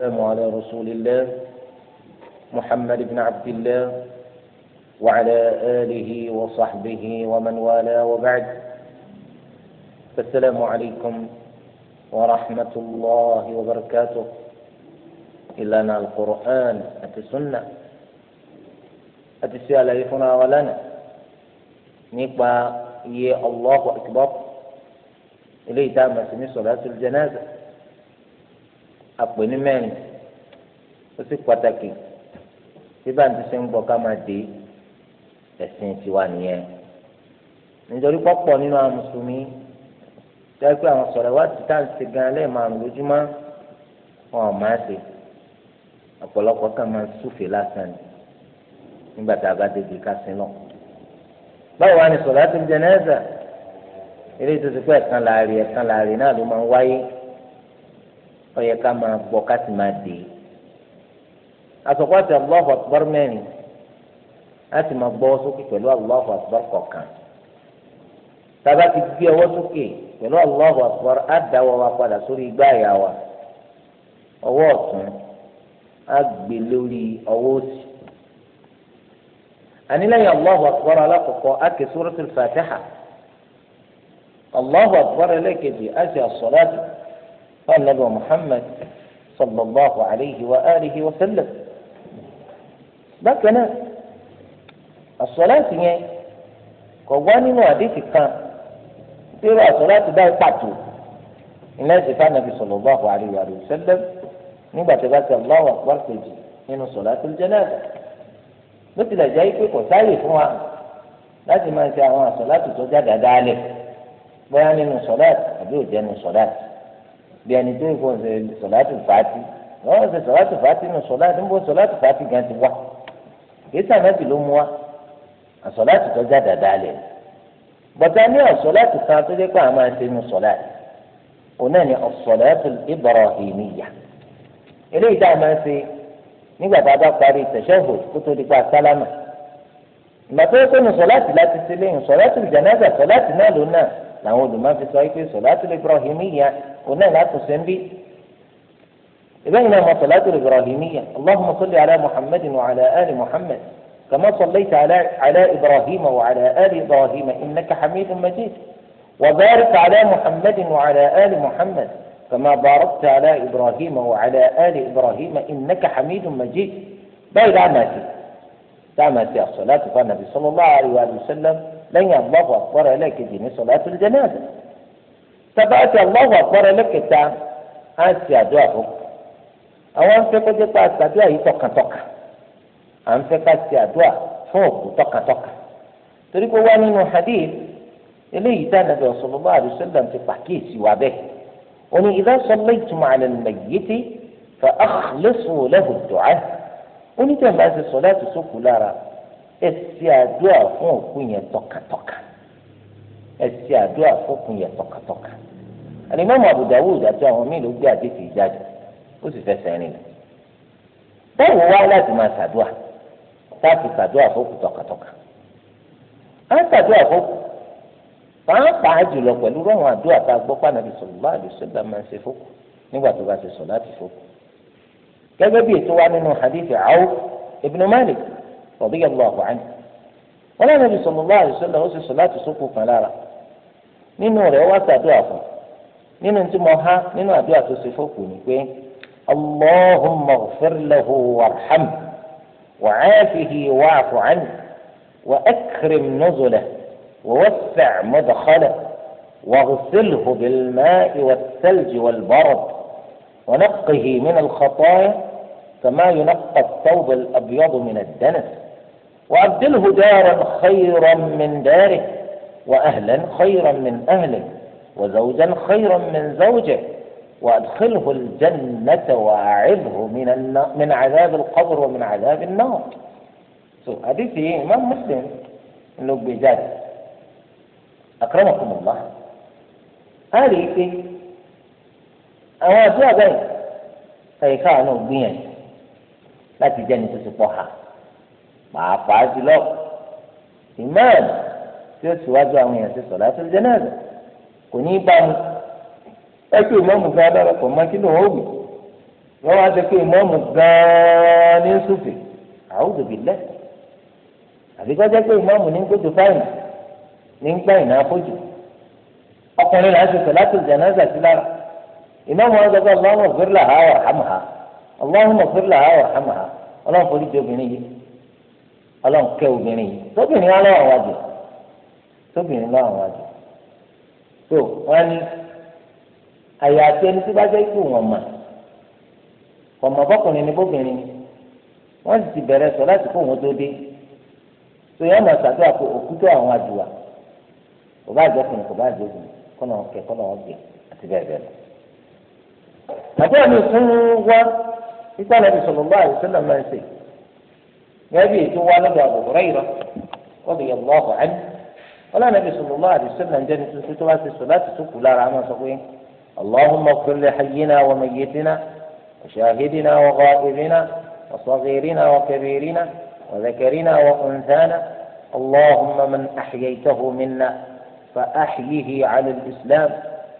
السلام على رسول الله محمد بن عبد الله وعلى آله وصحبه ومن والاه وبعد فالسلام عليكم ورحمة الله وبركاته إلا أن القرآن السنة أتسي على يفنا ولنا نقبى الله أكبر إليه دام سمي صلاة الجنازة àpò ní mẹ́rin ó sì pàtàkì bí bá ń ti ṣe ń bọ̀ ká máa dé ẹ̀sìn tiwa nìyẹn nítorí pọ́pọ̀ nínú àwọn mùsùlùmí jẹ́ pé àwọn sọ̀rọ̀ wá ti táà ń ṣe gan lẹ́ẹ̀márùn lójúmọ́ wọn ò máa ṣe ọ̀pọ̀lọpọ̀ kan máa súfè lásán ni nígbà tá a bá débi ká sí náà báwo wá ní sọ̀rọ̀ láti jẹ náà ẹ̀sà eré tó ti pẹ́ ẹ̀kan láàrin ẹ̀kan láàrin náà ló máa ń wáyé ọyẹ ká máa gbọ́ ká sì máa dè é asọ̀kọ́ àti Allahu Akbar mẹ́rin á sì máa gbọ́ sókè pẹ̀lú Allahu Akbar kọ̀ọ̀kan tàbá ti gbé ọwọ́ sókè pẹ̀lú Allahu Akbar á dáwọ́ wa padà sórí igbá àyà wa ọwọ́ ọ̀tún á gbé lórí ọwọ́ òsì ànílẹ́yìn Allahu Akbar alákọ̀ọ́kọ́ á ké Suratul Fatiha Allahu Akbar ẹlẹ́kejì á sì as فالنبي محمد صلى الله عليه وآله وسلم بكنا الصلاة يعني كواني نواديتي كان ترى الصلاة داي باتو الناس كان النبي صلى الله عليه وآله وسلم نبات بات الله أكبر كجي nínú صلاة الجنازة bó tilẹ̀ jẹ́ pé kò sáàyè fún wa láti máa ṣe àwọn àsọ̀láàtì tó já dáadáa lẹ̀ bí ẹni tó ìfọ̀ ṣe sọ̀láàtì fàátì wọ́n ṣe sọ̀láàtì fàátì nù sọ̀láàtì níbo sọ̀láàtì fàátì gan ti wá kìí sàmẹ́bì ló mú wa àsọ̀láàtì tọ́jà dáadáa lẹ̀ bọ̀tà ní àsọ̀láàtì kan tó dé pé àwọn máa ṣe nù sọ̀láàtì òun náà ni àsọ̀láàtì Ibrahimiyya eléyìí tá a máa ṣe nígbà tá a bá parí tẹ̀sẹ̀hù kó tó di pa sálámà ìgbà tó yẹ kó nù sọ̀láàtì láti ṣe léyìn sọ̀láàtì ìjànáza sọ̀láàtì náà ló náà نعود ما في صحيح صلاة الإبراهيمية قلنا لا تسمى ما صلاة الإبراهيمية اللهم صل على محمد وعلى آل محمد كما صليت على على إبراهيم وعلى آل إبراهيم إنك حميد مجيد وبارك على محمد وعلى آل محمد كما باركت على إبراهيم وعلى آل إبراهيم إنك حميد مجيد بعد عما تعمل الصلاة فالنبي صلى الله عليه وآله وسلم lẹ́yìn Allahu Akbar ẹlẹ́ẹ̀kejì ní sọ̀látul janaza tàbá ti Allahu Akbar ẹlẹ́ẹ̀kẹta á ti àdúrà fún àwọn ń fẹ́ kọjá pa àtàdúrà yìí tọkàntọkàn à ń fẹ́ ká ti àdúrà fún òkú tọkàntọkàn torí pé wá nínú hadith eléyìí tá Ànábì sallallahu alaihi wasallam ti pàkíyèsí wa bẹ́ẹ̀ òní idha sallaytum ala al-mayyiti fa akhlisu lahu ad-du'a ẹ ṣe àdúrà fún òkú yẹn tọkàtọkà ẹ ṣe àdúrà fún òkú yẹn tọkàtọkà àlìmọ́mù Abu Dawud àti àwọn míì ló gbé àdéhùn ìjáde ó sì fẹsẹ̀ rìn lọ báwo wá láti máa ṣàdúrà láti ṣàdúrà fún òkú tọkàtọkà á ṣàdúrà fún òkú pàápàá jùlọ pẹ̀lú rọrùn àdúrà tá a gbọ́ pànàbí sallallahu alaihi wasallam máa ń ṣe fókù nígbà tó bá ṣe sọ láti fókù gẹ́gẹ́ bí ètò wa nínú hadith Awf ibn Malik رضي الله عنه ولا نبي صلى الله عليه وسلم وسي صلاة صفو فلارا نينو ريوة أدوى فن نينو انتموها نينو أدوى تصفو اللهم اغفر له وارحمه وعافه واعف عنه وأكرم نزله ووسع مدخله واغسله بالماء والثلج والبرد ونقه من الخطايا كما ينقى الثوب الأبيض من الدنس وأبدله دارا خيرا من داره وأهلا خيرا من أهله وزوجا خيرا من زوجه وأدخله الجنة وأعذه من من عذاب القبر ومن عذاب النار. حديث إمام مسلم إنه بجد أكرمكم الله. هذه في àdúrà بين ẹ̀ka àánú gbìyànjú láti jẹ́ màá fà á sí lọ imam tí ó síwájú àwọn èèyàn ti sọ̀rọ̀ àti jẹ́nẹ́ẹ̀sì kò ní í bá mu ẹ pé ìmọ̀ọ́mù fẹ́ adarapọ̀ mọ́ kí ló ń wù wọ́n wá ṣe pé ìmọ̀ọ́mù gan-an ní sùfè àwùjọ bíi lẹ́ àbí kọ́ jẹ́ pé ìmọ̀ọ́mù ní gbójú fáìmù ní gbá ìná àfojù ọkùnrin là ń sọ̀rọ̀ àti jẹ́nẹ́ẹ̀sì àti lára ìmọ̀ọ́mù wọn gbọ́dọ̀ ọlọ́run ọ̀fẹ́rẹ́ ọlọ́run kẹ́ obìnrin yìí tóbìnrin wọn lọ́wọ́ wájú tóbìnrin lọ́wọ́ wájú tó wọn ní àyà àti ẹni tó bá jẹ́ ikú wọn mà ọmọ bọ́kùnrin ni bóbìnrin ni wọ́n sì ti bẹ̀rẹ̀ sọ láti kó wọn tó dé tó yẹn mọ̀ sàdúrà pé òkútó àwọn àdùà kò bá àjọkùnrin kò bá àjọkùnrin kọ́nà ọ̀kẹ́ kọ́nà ọ̀gbẹ́ àti bẹ́ẹ̀ bẹ́ẹ̀ lọ. àbúrò mi fún wa nígbà náà ti sọ̀rọ̀ bá àyè sọ́nà máa ń sèé. وابي توالد ابو هريره رضي الله عنه ولا نبي صلى الله عليه وسلم جاني تسوي الصلاة تسوق لا رعما اللهم اغفر لحينا وميتنا وشاهدنا وغائبنا وصغيرنا وكبيرنا وذكرنا وانثانا اللهم من احييته منا فاحيه على الاسلام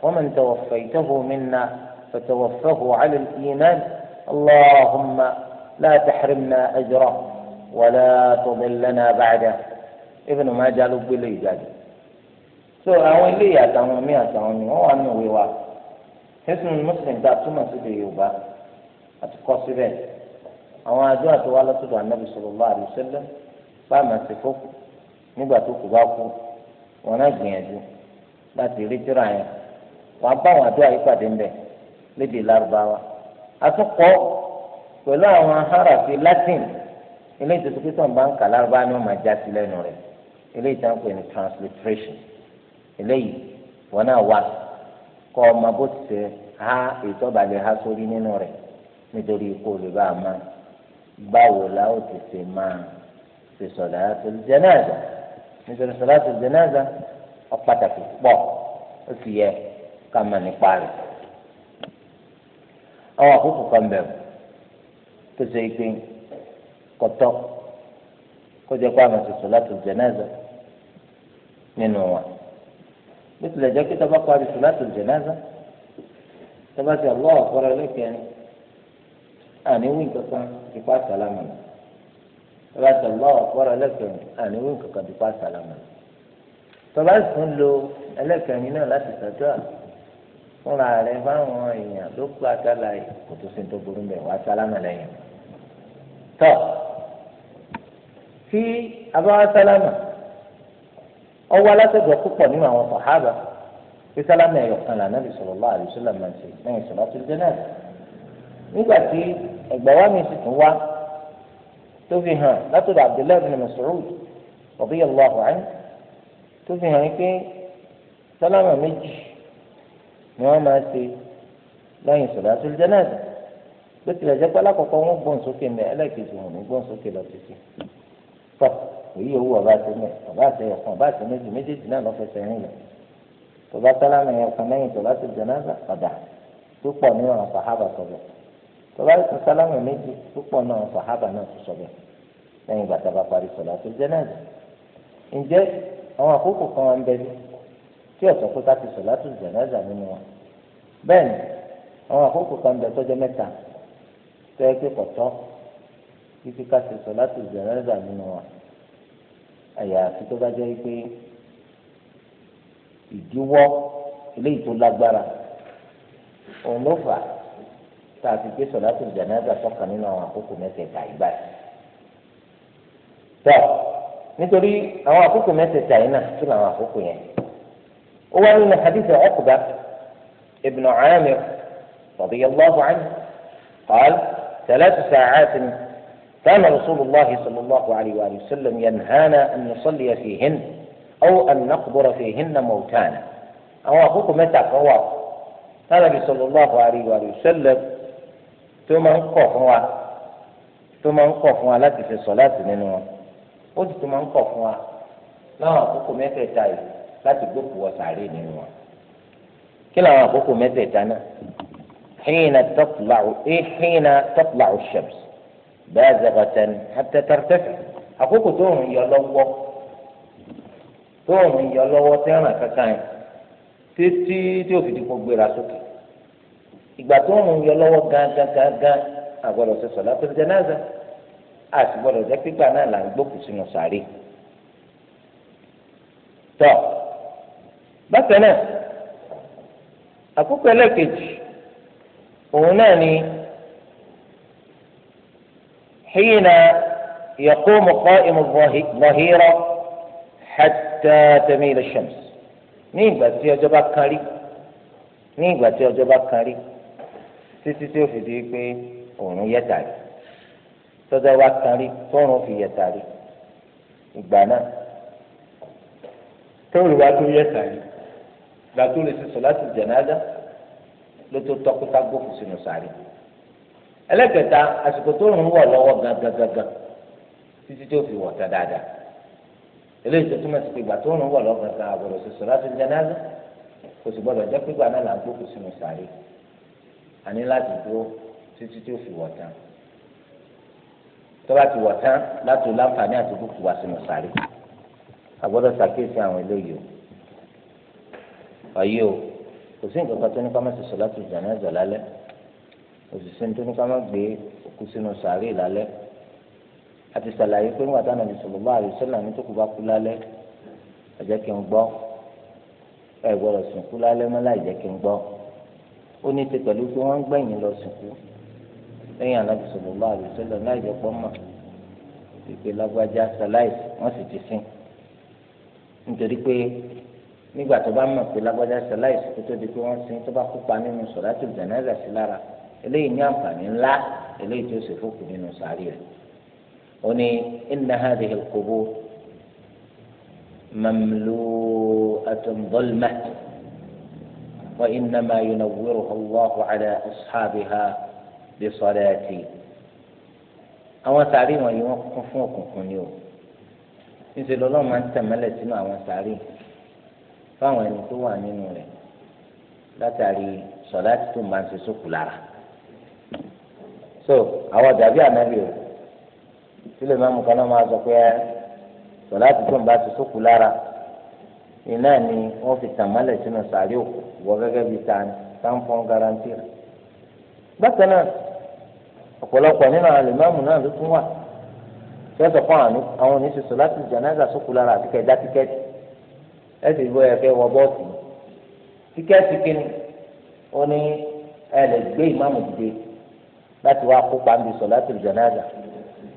ومن توفيته منا فتوفه على الايمان اللهم لا تحرمنا اجره ولا تضلنا بعده ابن ماجه ló gbélé ìjáde so àwọn eléyìí àtàwọn míì àtàwọn míì wọn wà nù wí wa hẹsùn muslim dá túmọ̀ sí ti yorùbá àti kọ́ síbẹ̀ àwọn àjọ àti wà lọ́tọ̀dọ̀ anábì sallallahu alaihi wasallam fáàmà sí fókù nígbà tó kù bá kú wọn náà gbìyànjú láti rí tíra yẹn wàá bá àwọn àdó àyípadà ń bẹ lédè lárúbáwá àtúkọ pẹ̀lú àwọn harafi latin ilé ìtòsí pé sọ̀nba ń kà lárúbá ni wọ́n máa já sí lẹ́nu rẹ̀ ilé ìtàn pè ní transliteration eléyìí wọn náà wà kọ́ ọmọ bó ti ṣe há ètò ọ̀bàlẹ̀ há sórí nínú rẹ̀ nítorí kó lè bá a máa báwo la ó ti ṣe máa ṣe sọ̀látul janaza nítorí sọ̀látul janaza ó pàtàkì pọ̀ ó sì yẹ ká máa nípa rẹ̀ àwọn àkókò kan bẹ̀rù tó ṣe é kọtọ kọjá pé àwọn ṣe sọláàtù jẹnáza nínú wa bí tilẹ̀ jẹ́ pé tọ́ba parí sọláàtù jẹnáza tọ́ba ti àlọ́ ọ̀kọ́rọ̀ lẹ́kẹ̀ẹ́rin àní wí kankan tipa sàlámà nù tọ́ba ti àlọ́ ọ̀kọ́rọ̀ lẹ́kẹ̀ẹ́rin àní wí kankan tipa sàlámà nù tọ́ba sì ń lo ẹlẹ́kẹ̀ẹ́rin náà láti ṣàdúrà fúnra rẹ̀ fáwọn èèyàn ló kú àtàlà yìí kò tó sí ní tó burú mẹ́wàá sàlámà lẹ́yìn tọ́ tí abáwá sálámà ọwọ́ alásègbè púpọ̀ nínú àwọn sàhábà pé sálámà ẹ̀yọ̀kan là nàbì sallallahu alaihi wasallam máa ń ṣe lẹ́yìn salatul janaza nígbà tí ẹ̀gbọ́n wa mi sì tún wá tó fi hàn látọ̀dọ̀ Abdullahi bin Mas'ud radiyallahu anhu tó fi hàn pé sálámà méjì ni wọ́n máa ṣe lẹ́yìn salatul janaza bó tilẹ̀ jẹ́ pé alákọ̀ọ́kọ́ wọn gbọ́n sókè mẹ́ ẹlẹ́kejì fọ èyí owó ọba ti mẹ ọba ti ẹ̀kan ọba ti méjì méjèèjì náà lọ fẹsẹ̀ rìn lọ tọba sálámà ẹ̀kan lẹ́yìn tọba ti jánásà ọ̀dà tó pọ̀ nínú àwọn sàhábà sọ̀bẹ̀ tọba ti sálámà méjì tó pọ̀ nínú àwọn sàhábà náà tó sọ̀bẹ̀ lẹ́yìn ìgbà tá a bá parí sọ̀lá tó jánásà ǹjẹ́ àwọn àkókò kan wà ń bẹ ní tí ọ̀sọ̀ kó tá ti sọ̀lá tó jánásà nínú wọn bẹ́ẹ̀ ni àwọn àkókò kan bẹ tọ́jọ́ mẹ́ta tẹ́ pé kọ̀tọ́ títí ká ṣe sọ láti jẹ̀rẹ́dà nínú wa àyàfi tó bá jẹ́ pé ìdíwọ́ eléyìí tó lágbára òun ló fà tá a ti gbé sọ láti jẹ̀rẹ́dà sọ́kàn nínú àwọn àkókò mẹ́tẹ̀ẹ̀ta ìgbà yìí. tọ́ nítorí àwọn àkókò mẹ́tẹ̀ẹ̀ta yìí náà tún àwọn àkókò yẹn ó wá nínú hadith Uqba ibn Amir radiyallahu anhu qala ثلاث ساعات كان رسول الله صلى الله عليه وآله وسلم ينهانا أن نصلي فيهن أو أن نقبر فيهن موتانا أو أخوك متى فواه كان النبي صلى الله عليه وآله وسلم ثم انقفوا ثم انقفوا لك في صلاة منه قلت ثم انقفوا لا أخوك متى تاي لا تبقوا وسعرين منه كلا أخوك متى تانا حين تطلع إيه حين تطلع الشمس bẹ́ẹ̀zẹ̀kọ̀tẹ́ni àtẹ̀tẹ̀rẹ̀tẹ̀fẹ̀ àkókò tó ń yọ lọ́wọ́ tó ń yọ lọ́wọ́ tẹ́ràn kankan yẹn títí tí ó fi di kó gbéra sókè ìgbà tó ń yọ lọ́wọ́ gángan gángan àgbọ̀dọ̀ ṣe sọ̀látul janaza àti gbọ́dọ̀ jẹ́ pípa náà là ń gbókù sínú sàárè tọ́ bákan náà àkókò ẹlẹ́kejì òun náà ni. حين يقوم قائم الظهيرة حتى تميل الشمس مين بس يا جبا كاري مين بس يا جبا كاري تي تي في دي بي اونو يتاري تدوا كاري تونو في يتاري بنا تقول باتو يتاري باتو لسي صلاة الجنادة لتو تقو تقو في سنو ساري ẹlẹ́kẹta àsìkò tó ń wọ̀ lọ́wọ́ gangan títí tó fi wọ̀ tán dáadáa eléyìí tó túmọ̀ sí pé ìgbà tó ń wọ̀ lọ́wọ́ gangan àgbọ̀dọ̀ sọ̀sọ̀ láti jánásà kò sì gbọ́dọ̀ jẹ́ pé ìgbà náà là ń gbókù sínú sàárè àní láti dúró títí tó fi wọ̀ tán tó bá ti wọ̀ tán láti láǹfààní àti gbókù wá sínú sàárè àgbọ̀dọ̀ sàkíyèsí àwọn eléyìí o ọ̀yẹ́ o kò sí nǹkan kan tó ní ká má ti sọ̀láàtù jánásà lálẹ́ òṣìṣẹ́ ní tó ní ká má gbé òkú sínú sàárè lálẹ́ àti sàlàyé pé ńgbà táwọn ọ̀dùnsùn bàbá àdìsọ́là ní tó kù bá kú lálẹ́ ẹ jẹ́ kí n gbọ́ ẹ gbọ́dọ̀ sìnkú lálẹ́ mọ́ láì jẹ́ kí n gbọ́ ó ní ti pẹ̀lú pé wọ́n ń gbẹ̀yìn lọ sìnkú lẹ́yìn àdìsọ́n bàbá àdìsọ́là láì jẹ́ pọ́ mọ́ ìpè lágbájá sàláìsì wọ́n sì ti sìn nítorí pé nígbà tó bá mọ̀ pé lágbájá sàláìsì kó tó di pé wọ́n sìn tó bá kópa nínú sọ̀rọ̀ àti ìjànáza sí lára eléyìí ní àǹfààní ńlá eléyìí tí ó sì fòkù nínú sàárì rẹ̀ ó ní inna hadhihi al-qubur mamlu'atun dhulma wa innama yunawwiruha Allahu ala ashabiha bi salati àwọn sàárì wọ̀nyí wọ́n kún fún òkùnkùn ni o níṣẹ́ lọ́lọ́run máa ń tẹ̀mẹ́lẹ̀ sínú àwọn sàárì fáwọn ẹni tó wà nínú rẹ̀ látàrí sọ̀láàtì tó máa ń ṣe sókù lára so àwọn dàbí ànábì o sílẹ̀ máa mú kaná máa sọ pé ẹ sọlá ti tó ń bá ti sókù lára iná ni wọ́n fi tàn mọ́lẹ̀ sínú sàárẹ̀ òkú wọ́n gẹ́gẹ́ bíi ta ni sáǹfọ̀n garanti rẹ̀ bákan náà ọ̀pọ̀lọpọ̀ nínú àwọn àlùmọ́ọ̀mù náà ló tún wà fẹ́sọ̀ fún àwọn oníṣẹ́ sọlá ti jánásà sókù lára àti kẹjá tíkẹ́ẹ̀tì ẹ sì bọ́ ẹ fẹ́ wọ bọ́ọ̀sì tíkẹ́ẹ̀tì kínní ó ní ẹ lè gbé ìmáàmù dìde láti wá kópa ń bi sọ̀látul janaza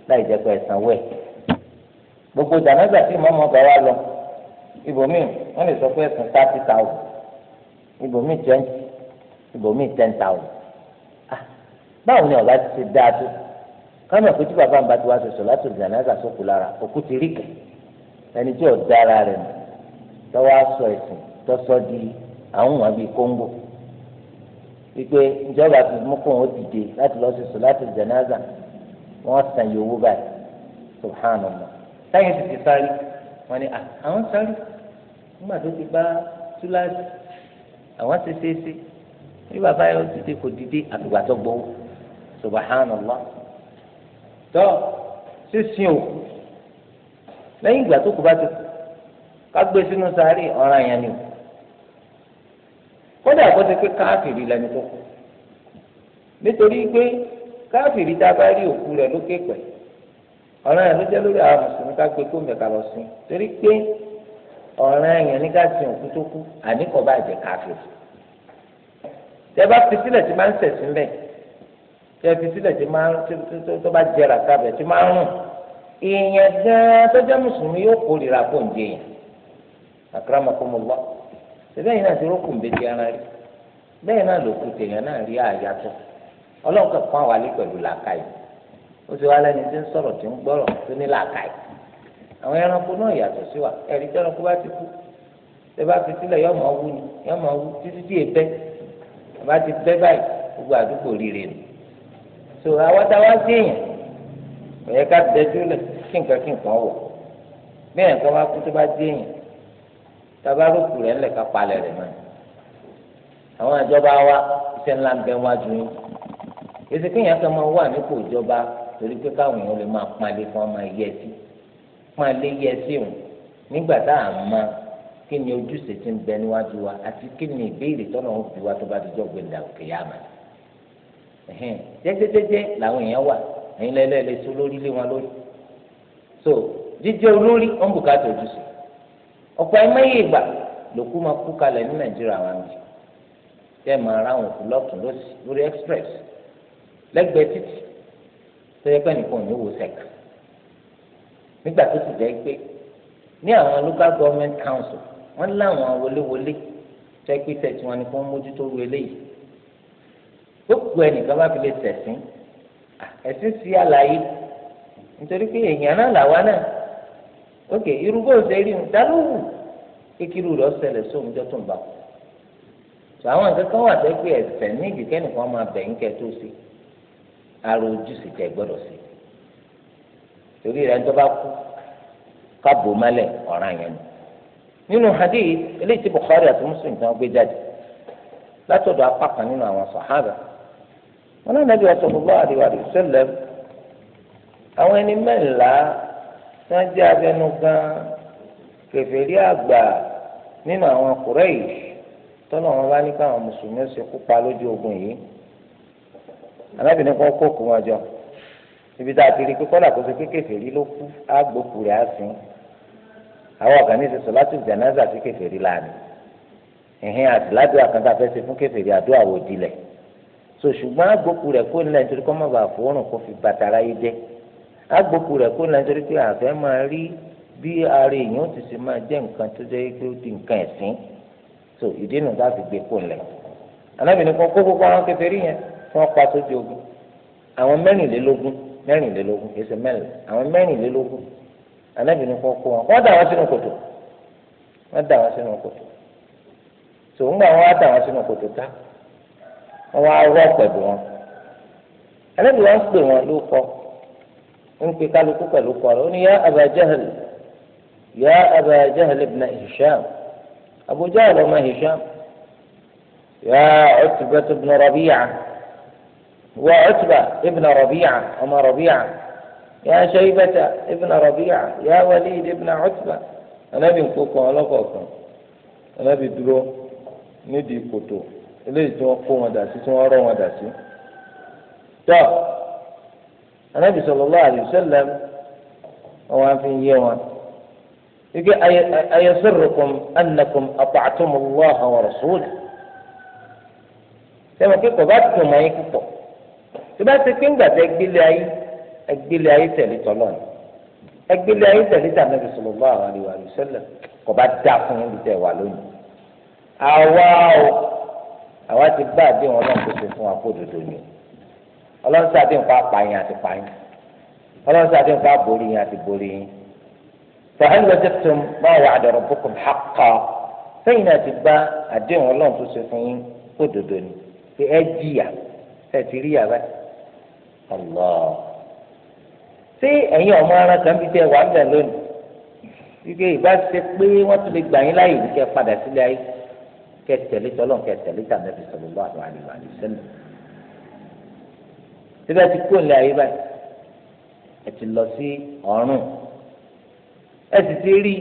láì jẹ́ pé ẹ̀sán wẹ̀. gbogbo janaza tí mọ́mọ́ bá wá lọ ibòmíì wọ́n lè sọ pé ẹ̀sán thirty thousand ibòmíì twenty ibòmíì ten thousand. Ah, báwo ni ọ̀gá ti ṣe dáa tó kámi ọ̀pẹ tí bàbá ń bá ti wá ṣe sọ̀látul janaza sókù lára òkú ti rí kẹ̀ ẹni tí ò dára rẹ̀ lọ́wọ́ á sọ ẹ̀sìn tọ́sọ́ di àwọn wọn bíi kóńgò. wípé ìjọba ti mú kó wọn dìde láti lọ sí sọláàtì jẹnáza wọn san iye owó báyìí subhanallah sáyẹn ti ti sáré wọn ni àwọn sáré nígbà tó ti bá túláàsì àwọn ti ṣeéṣe bí bàbá yẹn dìde kò dìde àtùgbà tó gbowó subhanallah tó sísìn òkú lẹ́yìn ìgbà tó kù bá ti ká gbé sínú kódà kó ti pé káfìrí lẹni tó kù nítorí pé káfìrí tá a bá rí òkú rẹ̀ lókè pẹ̀ ọ̀ràn yẹn ló jẹ́ lórí àwọn mùsùlùmí ká gbé kóńbẹ̀ ká lọ sí torí pé ọ̀ràn yẹn ní ká sin òkú tó kú àníkọ̀ bá jẹ́ káfìrí tẹ bá fi sílẹ̀ tí máa ń sẹ̀sìn bẹ́ẹ̀ tẹ fi sílẹ̀ tí máa ń tó bá jẹrà sábẹ̀ tí máa ń rùn èèyàn gan-an tó jẹ́ mùsùlùmí yóò kórìíra kó jẹ yẹn àkàrà mọ́kànlá sẹ́bẹ̀yìn náà ti rókùn bẹ́tẹ̀ ara rí bẹ́ẹ̀ náà lòkù tèèyàn náà rí àyàtọ̀ ọlọ́run kan kọ́ àwálé pẹ̀lú làákàyè ó ti wá lẹ́ni tí ń sọ̀rọ̀ tí ń gbọ́rọ̀ tó ní làákàyè àwọn ẹranko náà yàtọ̀ sí wa ẹ̀rí tí ẹranko bá ti kú tẹ fi sílẹ̀ yọ máa wú ni yọ máa wú títí tí èbẹ́ bá ti bẹ́ báyìí gbogbo àdúgbò rire nù so àwọ̀tá wá sí èèyàn ẹ̀yẹ ká dẹjú lẹ̀ kí nǹkan kí nǹkan wọ̀ bí ẹ̀yàn bá kú tó bá dé èèyàn tabaruku rẹ̀ ńlẹ̀ ká palẹ̀ rẹ̀ mọ́ àwọn ìjọba wa iṣẹ́ ńlá ń bẹ wájú yín èsì kéèyàn kan máa wà nípò ìjọba torí pé káwọn èèyàn lè máa palẹ̀ fún ọmọ ẹ̀yẹ sí palẹ̀ yẹ sí òun nígbà tá à ń mọ kí ni ojúṣe ti ń bẹ níwájú wa àti kí ni ìbéèrè tọ́nà ń fi wá tó bá dijọ́ gbẹ̀dà òkè yá mà jẹ́jẹ́jẹ́jẹ́ làwọn èèyàn wà ẹ̀yin lẹ́lẹ́lẹ́sọ lórí lé wọn lórí so jíjẹ́ olórí ó ń bùkátà ojúṣe ọ̀pọ̀ ẹ̀mẹ́yẹ ìgbà lòkú máa kú kalẹ̀ ní nàìjíríà wa ni tẹ́ máa ra àwọn òkú lọ́tún lọ́sì lórí express lẹ́gbẹ̀ẹ́ títì tó yẹ pé nìkan ò ní wò sẹ́ka nígbà tó ti jẹ́ pé ní àwọn local government council wọ́n láwọn wọléwọlé tẹ́ pé tẹ̀sí wọn ni kó ń mójútó ru eléyìí ó kú ẹnìkan bá fi lè tẹ̀sín ẹ̀sìn sí àlàyé nítorí pé èèyàn náà làwa náà ok irúgbó ọ̀sẹ̀ rí mu dáná wù kékeré rẹ̀ ọ̀sẹ̀lẹ̀ sóhun jọ tó ń bá tó àwọn nǹkan kan wà tẹ́gbẹ́ ẹ̀sẹ̀ nídìí kẹ́nìkan máa bẹ̀ ń tó sí ara ojúṣe tẹ̀ gbọ́dọ̀ sí torí bá kú kábò yẹn ni nínú eléyìí tí Bukhari àti Muslim gbé jáde wọ́n jẹ́ abẹnú gan kèfèrí àgbà nínú àwọn Quraysh tọ́nà wọn bá ní káwọn mùsùlùmí ṣe kópa lójú ogun yìí alábìnrin kan kó kó wọn jọ ibi tá a ti rí pé kọ́lá kó ṣe pé kèfèrí ló kú àgbòkù rẹ̀ á sìn àwọn ọ̀gá ní ìṣẹ̀ṣọ́ láti jẹ̀nẹ́sà sí kèfèrí láàánú ẹ̀hìn àti ládùúgbò àkàndá fẹ́ ṣe fún kèfèrí àdúrà wò dilẹ̀ so ṣùgbọ́n àgbòkù kó nílẹ̀ nítorí kọ́ agbóku rẹ̀ kó nàìjírí pé àfẹ́ máa rí bí ara èèyàn ti sì máa jẹ́ nǹkan tó jẹ́ pé ó idinu nǹkan ẹ̀sìn ìdí nù fi gbé kó lẹ̀ anábìnrin kan kó gbogbo àwọn kékeré yẹn tí pa sójú ogun àwọn mẹ́rìnlélógún mẹ́rìnlélógún kìí ṣe àwọn mẹ́rìnlélógún anábìnrin kan kó wọn wọn ń pe kálukú pẹ̀lú kọ́rọ̀ ó ní yá Aba Jahal yá Aba Jahal ibn Hisham Abu Jahal ọmọ Hisham yá Utba ibn Rabi'a wá Utba ibn Rabi'a ọmọ Rabi'a yá Shaybata ibn Rabi'a yá Walid ibn Utba anábì ń kó kan ọlọ́kọ̀ọ̀kan anábì dúró nídìí kòtò eléyìí tí wọ́n kó wọn dà sí tí wọ́n rọ́ wọn dà sí. tọ́ anabi sallallahu alayhi wa sallam wọn fi yé wọn ike ayasirrukum annakum atactum allah wa rasuula sẹ́wọ̀n kí kò bá tó mọ́ yín púpọ̀ tí bá ti pín gbàtẹ́ gbélé ayé ẹgbélé ayé tẹ̀lé tọ́lọ́ ni ẹgbélé ayé tẹ̀lé tà nàbì sallallahu alayhi wa sallam kò bá dá fún yín tẹ̀ wà lónìí. àwa o àwa ti bá àdéhùn ọlọ́run tó ṣe fún wa kó dodo ni o ọlọ́run sí àti nǹkan apààyàn àti pààyàn ọlọ́run sí àti nǹkan aborí yẹn àti borí yẹn fàhálì wọ́n ti tún máa wà àdọ̀rọ̀ bókun hàkọ́ sẹ́yìn náà ti gba àdéhùn ọlọ́run tó ṣe fún yín kó dòdò ni pé ẹ jìyà ẹ ti rí yàrá ọlọ́ ṣé ẹ̀yin ọmọ ara kan bíi tẹ wà ń bẹ̀ lónìí wípé ìbá ṣe pé wọ́n tún lè gbà yín láàyè ní kẹ́ padà sílé ayé kẹ́ tẹ̀lé tọ́lọ́ kẹ́ tẹ̀lé tàbí ẹ̀fẹ̀ sọ̀rọ̀ lọ́wọ́ àwọn àlè síbẹ̀ ti kó nílẹ̀ ayé báyìí ẹ ti lọ sí ọ̀run ẹ sì ti rí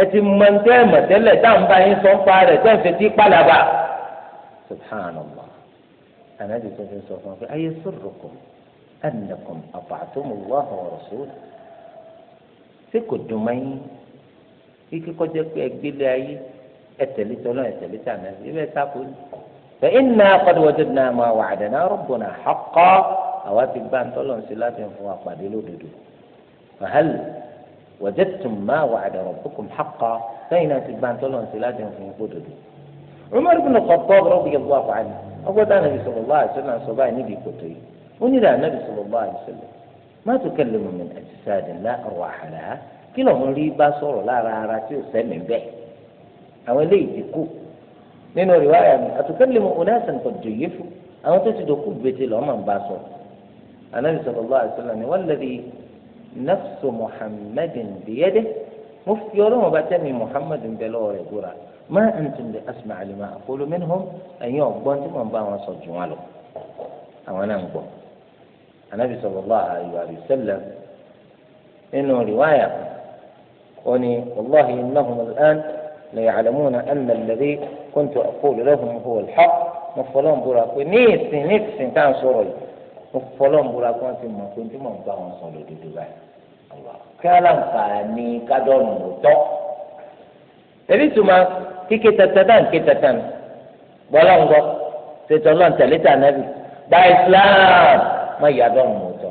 ẹ ti mọ ní tẹ́ mọ̀ tẹ́lẹ̀ dáhùnbá yín sọ ń pa rẹ̀ tẹ́ ń fi ti pàlàbà subhanallah anabi tó fi sọ fún wa pé ayé sọ̀rọ̀kọ̀ ẹnìkan àbàtúmù wà hàn rọ̀ṣọ́lá ṣé kò dùn mọ́ yín kíkọ́ jẹ́ pé ẹgbẹ́lẹ́ ayé ẹ̀tẹ̀lẹ́tọ́ náà ẹ̀tẹ̀lẹ́tà náà ibẹ̀ sáà kò ní. فإنا قد وجدنا ما وعدنا ربنا حقا أواتي بان تولون سلاتين فوا قادلو دودو فهل وجدتم ما وعد ربكم حقا فإنا تبان تولون سلاتين فوا دودو عمر بن الخطاب رضي الله عنه أقول النبي صلى الله عليه وسلم صباح نبي كتري ونرى النبي صلى الله عليه وسلم ما تكلم من أجساد لا أرواح لها كلهم ريبا صور لا راراتي وسمي به أولي تكوك nínú rìwáyà mi àtùkẹ́lẹ́mù onáṣẹ́ni kò dùn yìí fún àwọn tó ti dòkú gbèsè lọ́mọ ń bá sọ anabi sallallahu alaihi wasallam ni walladhi nafsu muhammadin biyadihi mo fi ọlọ́run bá tẹ́mi muhammadin bẹ lọ́wọ́ rẹ̀ gbóra má antum bi asma alima aqulu minhum ẹ̀yin ọ̀gbọ́n tí wọ́n bá wọn sọ jù wọn lọ àwọn náà ń gbọ́ anabi sallallahu alaihi wasallam nínú rìwáyà ó ní wàlláhi innahum al'an ليعلمون أن الذي كنت أقول لهم هو الحق مفلون براكو نيسي نيسي تان سوري مفلون براكو أنت ما كنت من بعض صلي دبي الله كلام فاني كدر مطق تبي ثم كي تتدان كي تتدان بلان غو تتلون تلتا نبي دا إسلام ما يدر مطق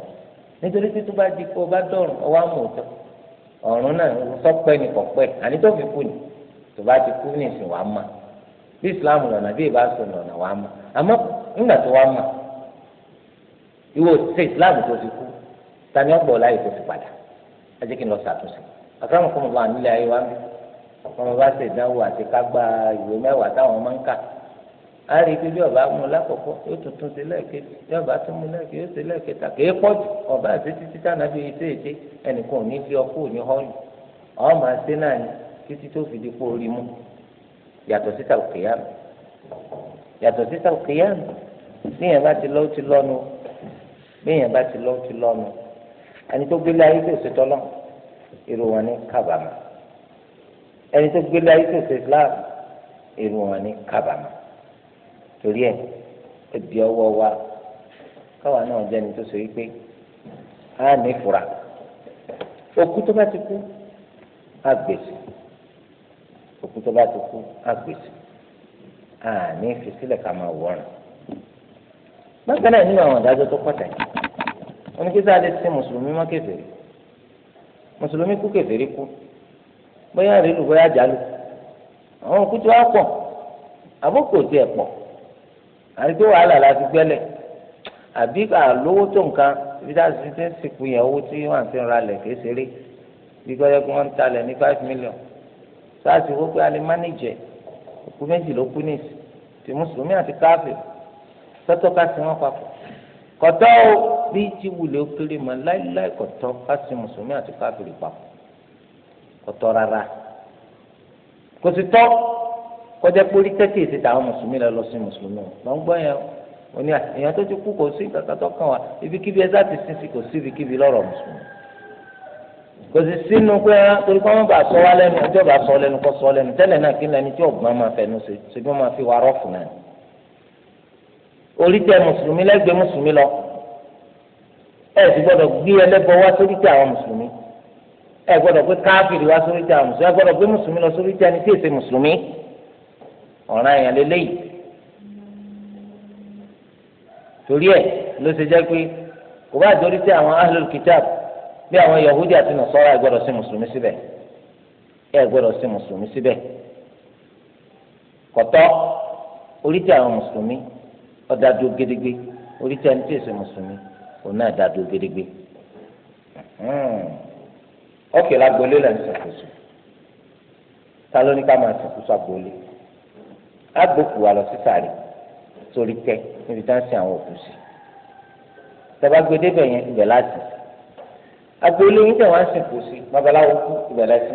nítorí tí tó bá di kó o bá dọ̀rùn ọwọ́ àmọ̀ òtọ́ náà sọ́pẹ́ ni kọ̀pẹ́ àní tó fi kú ni. tó bá ti kú ní ìsìn wàá mà bí islam lọ́nà bí ìbá sọ lọ́nà wàá mà àmọ́ ńgbà tó wàá mà ìwọ ṣe islam tó ti kú tani ọgbọ láyè tó ti padà ajé kí n lọ ṣàtúnṣe àkàrà kọ́mọ bá nílé ayé wa mi ọmọ bá ṣe ìdánwò àti ká ìwé mẹ́wàá táwọn máa ń ọba mú lákọ̀ọ́kọ́ yóò tuntun ṣe lẹ́ẹ̀kejì bí ọba tún mú lẹ́ẹ̀kejì yóò lẹ́ẹ̀kẹta kì í ọba àti títí ẹnìkan ò ní fi òní họ́ọ̀lù máa ṣe náà ni títí tó fi di kó orí mú yàtọ̀ sí tàlùkìyàmù yàtọ̀ sí tàlùkìyàmù bíyàn bá ti lọ ó ti lọ́nu bíyàn bá ti lọ ó ti lọ́nu ẹni tó gbélé ayé tó ṣe tọ́lọ́ irun wọn ní kábàámà ẹni tó gbélé ayé tó ṣe Islam irun wọn ní kábàámà torí ẹ ẹbí ọwọ́ wa káwa náà jẹ́ni tó ṣe wípé a ní fura òkú tó bá ti kú a gbèsè òkú tó bá ti kú àgbèsè àní ìfisílẹ̀ ká máa wọ̀ràn. bákan náà nínú àwọn ìdájọ́ tó pàtàkì wọn ni kí sáà lè ṣe mùsùlùmí mọ́ kèfèrí mùsùlùmí kú kèfèrí kú bóyá rèlú bóyá jálù àwọn òkú tó wá pọ̀ àbókò tiẹ̀ pọ̀ àti tó wàhálà láti gbẹ́lẹ̀ àbí àlówó tó nǹkan ibi tá a ti ti ń sìnkú yẹn owó tí wọ́n ti ń ralẹ̀ kéṣeré bí gbọ́dọ̀ kí wọ́n ń talẹ̀ ní five million sáàsì wọ́n pé a lè mánèjẹ̀ òkú méjì ló kú ní ìsìn ti mùsùlùmí àti káfíìn sọ́tọ̀ ká sí wọn papọ̀ kọ̀tọ́ o bí ti wulẹ̀ ó kéré mọ́ láíláí kọ̀tọ́ ká sí mùsùlùmí àti káfíìn papọ̀ kọ̀tọ́ rárá kò sì tọ́ kọjá pé orí tẹ́tì èsì mùsùlùmí lọ sí mùsùlùmí o lọ ń gbọ́ yẹn o ní èèyàn ti kú kò sí kankan tó kàn wá ibikíbi ẹ sá ti sin kò sí ibikíbi lọ́rọ̀ mùsùlùmí kò sì sínú pé torí kọ́ wọn bá sọ wá lẹ́nu ẹjọ́ bá sọ lẹ́nu kọ́ sọ lẹ́nu tẹ́lẹ̀ náà kí lẹ́ni tí ọ̀gbọ́n máa fẹnu ṣe ṣebí wọ́n máa fi wá rọ́ọ̀fù náà orí tẹ mùsùlùmí lẹ́gbẹ̀ẹ́ mùsùlùmí lọ ẹ sì gbọ́dọ̀ gbé ẹlẹ́bọ wá sórí tẹ àwọn mùsùlùmí ẹ gbọ́dọ̀ pé káfíìrì wá sórí tẹ àwọn mùsùlùmí ẹ gbọ́dọ̀ mùsùlùmí lọ sórí tẹ ẹni tí èsè bí àwọn yahudi àti nasara ẹ gbọ́dọ̀ sí mùsùlùmí síbẹ̀ ẹ gbọ́dọ̀ sí mùsùlùmí síbẹ̀ kọtọ oríṣi àwọn mùsùlùmí ọdádó gédégbé oríṣi àwọn tí èso mùsùlùmí òun náà dádó gédégbé ọkẹ lágbọlé là ń ṣàkóso ta ló ní ká máa ṣàkóso àgbọlé agbókù wa lọ sí sàárè sórí pẹ níbi tá à ń sin àwọn òkú sí tẹ bá gbé débẹ̀ yẹn ibẹ̀ láti sí agboolé yín tẹ̀ wọ́n sìn kò sí babaláwo kú ìbẹ̀rẹ̀ sí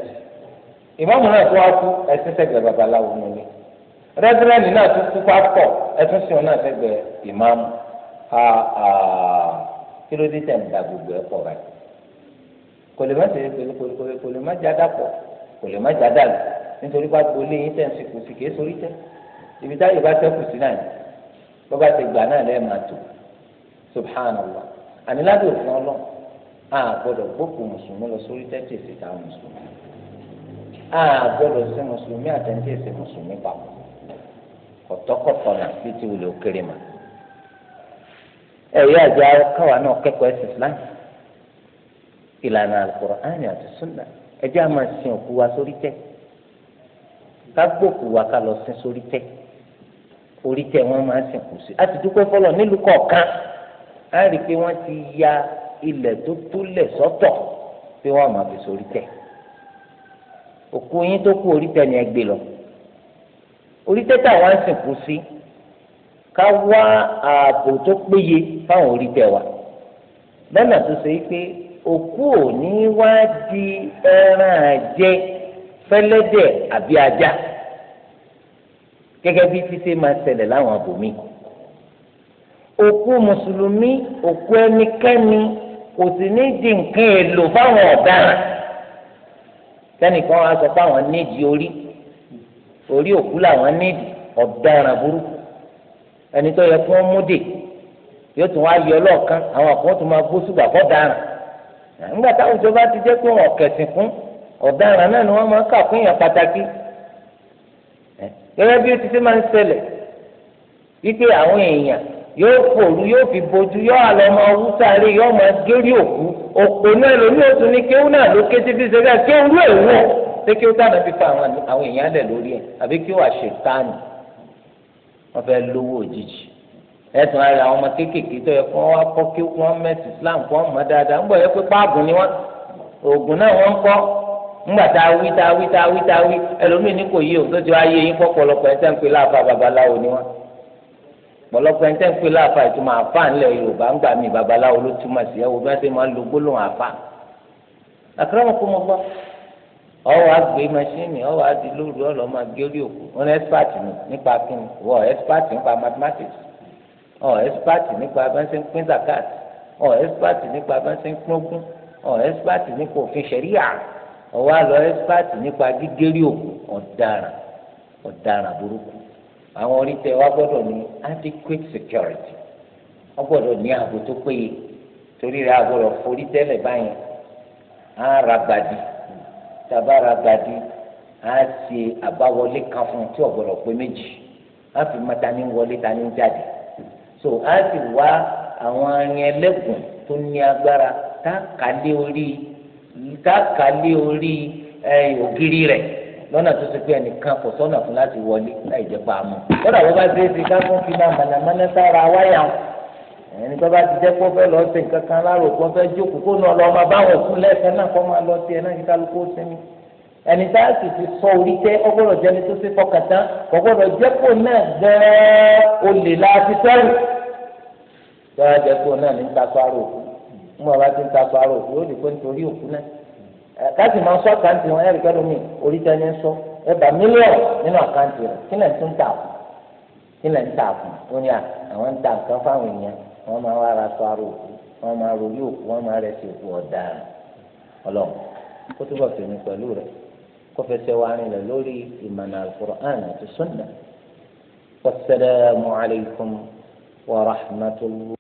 ìmáàmù náà tó wá kú ẹ̀sìn sẹ́gbẹ̀ẹ́ babaláwo nílé rẹ́dírẹ́nì náà tó kú pápọ̀ ẹ̀sìn sìn náà sẹ́gbẹ̀ẹ́ ìmáàmù ha ha kí ló dé tẹ̀ ń da gbogbo ẹ̀ pọ̀ báyìí kò lè má ṣe kò lè má jáda pọ̀ kò lè má jáda lọ nítorí pé agboolé yín tẹ̀ ń sìn sí kì í tẹ́ ibi táyé bá a gbọ́dọ̀ gbókù mùsùlùmí lọ sórí tẹ́tí èsì ta mùsùlùmí a gbọ́dọ̀ sí mùsùlùmí àtẹ̀ntì èsì mùsùlùmí papọ̀ kọ̀tọ́kọ̀tọ̀ náà bí ti wulẹ̀ òkèrè mà ẹ̀rí àjọ káwa náà kẹ́kọ̀ọ́ ẹ̀sìn Islam ìlànà Al-Qur'ani àti sunna ẹjẹ́ a máa sin òkú wa sórí tẹ́ ká gbókù wa ká lọ sin sórí tẹ́ orí tẹ́ wọ́n máa sin kù sí àti dúpẹ́ fọlọ́ nílùú kọ̀ọ̀kan á rí i pé wọ́n ti ya ilẹ̀ tó túlẹ̀ sọ́tọ̀ pé wọ́n máa fi sórí tẹ̀ òkú yín tó kú orí tẹ̀ ni ẹ gbé lọ orí tẹ̀ tá àwọn sìnkú sí ká wá ààbò tó péye fáwọn orí tẹ̀ wa lọ́nà tó ṣe pé òkú ò ní wá di ẹran àjẹ fẹ́lẹ́dẹ̀ àbí ajá gẹ́gẹ́ bí títí máa ṣẹlẹ̀ láwọn abòmíì òkú mùsùlùmí òkú ẹnikẹ́ni kò sì ní di nǹkan èlò fáwọn ọ̀daràn sẹ́nìkan á sọ fáwọn nídìí orí orí òkú làwọn nídìí ọ̀daràn burúkú ẹni tó yẹ kí wọ́n mú dè yóò tún wá yọ lọ́ọ̀kan àwọn àpò tó máa gbó sùgbà kọ́ nígbà táwọn ìjọba ti jẹ́ pé ti ṣe máa ń ṣẹlẹ̀ wípé àwọn yóò fòru yóò fi bojú yóò àlọ́ ọmọ wúsàárì yóò máa gérí òkú òkú náà lóní òtún ní kéwú náà ló ké kéwú ṣé kéwú táwọn fi fa àwọn èèyàn lẹ̀ lórí ẹ̀ àbí ọmọ kéékèèké tó yẹ kó kọ́ kéwú wọn Islam kó dáadáa yẹ pé páàgùn ni wọ́n òògùn náà wọ́n kọ́ ẹlòmíì ní pọ̀lọpọ̀ ẹni tẹ́ ń pè láàfà ìtumọ̀ àfà ńlẹ̀ yorùbá ń gbà mí babaláwo ló túmọ̀ sí ẹwọ bí wọ́n ṣe máa ń lo gbólóhùn àfà. àkàràmọ̀ kó mo gbọ́ ọwọ́ àgbé machine ọwọ́ àdì lóru ọ̀lọ́ máa gé orí òkú wọn ní expert mi nípa kíni wọ expert nípa mathematics ọ expert nípa abẹ́ńsẹ̀ ń pín zakat ọ expert nípa abẹ́ńsẹ̀ ń pín ogún ọ expert nípa òfin ṣẹ̀ríyà ọwọ́ àlọ́ expert nípa gígérí òkú àwọn oríṣẹ wa gbọ́dọ̀ ní adequate security wọ́n gbọ́dọ̀ ní ààbò tó péye torí rẹ̀ àgbọ́dọ̀ forí báyìí á ra gbàdí tàbá ra si á ṣe àbáwọlé kan fún tí ò pé méjì á fi ta ní wọlé ta ní jáde so á sì wá àwọn arin ẹlẹ́gùn tó ní agbára tá a kà lé orí tá lọ́nà tó ti pé ẹnìkan kò sọ́nà fún láti wọlé láì jẹ́ pa àmọ́ lọ́dà bó bá ṣe é ṣe ká fún fi máa mọ̀nàmọ́ná sára wáyà ẹni tó bá ti jẹ́ kó fẹ́ lọ sí nǹkan kan láàrò kó fẹ́ jókòó kó náà lọ ọmọ báwọn òkú lẹ́sẹ̀ náà kó máa lọ sí ẹ náà kí kálukú sinmi ẹni tá a sì ti sọ orí tẹ ọgbọ́dọ̀ jẹ́ ni tó ṣe fọkàn tán ọgbọ́dọ̀ jẹ́ kó náà gan-an olè la ti sẹ́rù tó jẹ́ kó náà ní ń ta àrò òkú mú bá ti ń ta àrò òkú ó lè pé nítorí òkú náà káàsì máa ń sọ àkáǹtì wọn ẹ̀rí pẹ́lú mi oríṣi ẹni ń sọ ẹ bá mílíọ̀nù nínú àkáǹtì rẹ̀ kí lẹ̀ ń tún tà fún kí lẹ̀ ń tà fún ó ní àwọn ń ta nǹkan fáwọn èèyàn wọ́n máa wá ra sọ ara òkú wọ́n máa ròyìn òkú wọ́n máa rẹ̀ sí òkú ọ̀daràn ọlọ́run kó túbọ̀ fèmí pẹ̀lú rẹ̀ kó fẹsẹ̀ wá rìn rẹ̀ lórí ìmọ̀nà alukur'an àti sunna wasalaamu alaykum wa rahmatulah.